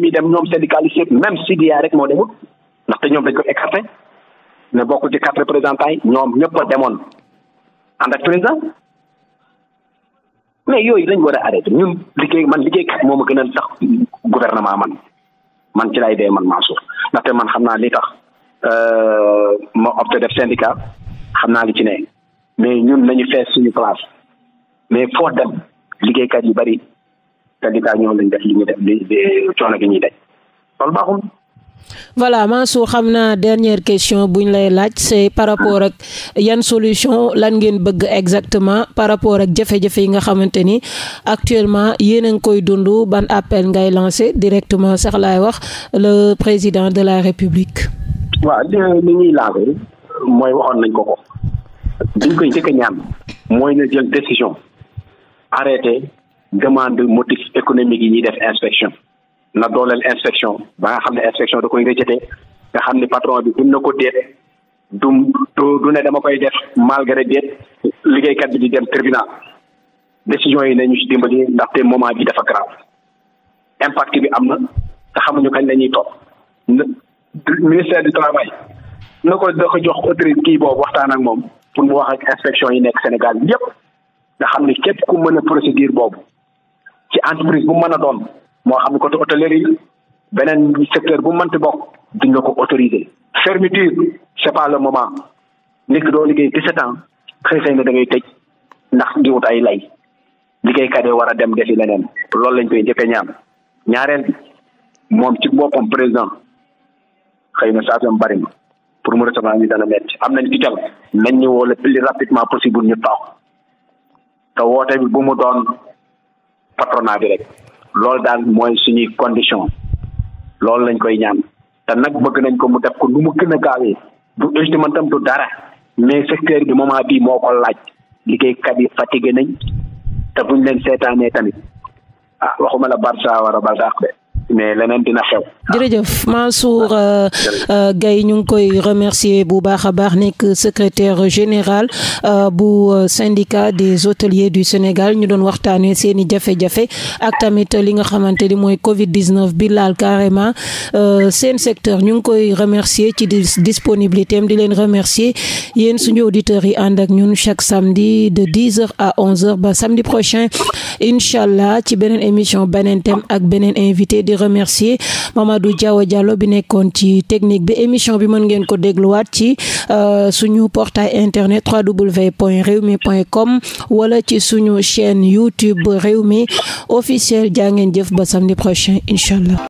muy dem ñoom syndicaliste même sidiyaa rek moo demul ndaxte ñoom dañ ko écarté ne bokkul ci quatre représentants yi ñoom ñëpp a demoon ànd ak président mais yooyu lañ war a arrêté ñun liggéey man liggéeykat moom ma gën a tax gouvernement man man ci lay de man Mansour ndaxte man xam naa li tax euh, ma opté def syndicat xam naa li ci ne mais ñun nañu fees suñu place mais foo dem liggéeykat yu bari syndicat ñoom lañ def li ñu def li coono gi ñuy def loolu baaxul voilà Mansour xam naa dernière question buñ lay laaj c'est par rapport ak yan solution lan ngeen bëgg exactement par rapport ak jafe-jafe yi nga xamante ni actuellement yéen a ngi koy dund ban appel ngay lancé directement sax laay wax le président de la république. waaw li ñuy lancé mooy waxoon nañ ko ko duñ koy njëkk ñaan mooy na jël décision arrêté demande motif économique yi ñuy def inspection. na dooleel inspection ba nga xam ne inspection da koy rejeté nga xam ne patron bi dun na ko déet du du ne dama koy def malgré déet liggéeykat bi di dem tribunal décision yi nañu ci dimbali ndaxte moment bi dafa grave impact bi am na te xamuñu kañ lañuy topp ministère du travail na ko da ko jox autorité kii boobu waxtaan ak moom pour mu wax ak inspection yi nekk Sénégal yépp nga xam ne képp ku mën a procédure boobu ci entreprise bu mën a doon moo xam ko côté hôtellerie beneen secteur bu mënti bokk duñ la ko autorisé. fermeture c'est pas le moment nit ki doo liggéey 17 ans xëy xëy nga da ngay ndax di ay lay liggéeykat yi war a dem defi leneen loolu lañ koy njëkk a ñaan ñaareel bi moom ci boppam président xëy na saa bari na pour mu recevoir ñu dana metti am nañ itam nañ ñu woo le plus rapidement possible ñu toog te woote bi bu mu doon patronat bi rek. loolu daal mooy suñuy condition loolu lañ koy ñaan te nag bëgg nañ ko mu def ko lu mu gën a gaawee du ultimement tam du dara mais secteur bi moment bii moo ko laaj liggéey kat yi fatigué nañ te buñ leen seetaanee tamit ah waxuma la Barça war a Barça de mais leneen dina xew. jërëjëf Mansour euh, euh, Gaye ñu ngi koy remercier bu baax a baax nekk secretaire général euh, bu syndicat des hôteliers du Sénégal ñu doon waxtaanee seen i jafe-jafe ak tamit li nga xamante ni mooy Covid 19 bi laal carrément seen secteur ñu ngi koy remercier ci disponibilité am di leen remercier yéen suñu auditeurs yi ànd ak ñun chaque samedi de 10 heures à 11 ba samedi prochain incha allah ci beneen émission beneen thème ak beneen invité di remercier du Diawa Diallo bi nekkoon ci technique bi émission bi mën ngeen ko dégluwaat ci euh, suñu portail internet www.rewmi.com wala ci suñu chaîne YouTube Rewmi officiel jaa ngeen jëf ba samedi prochain incha allah.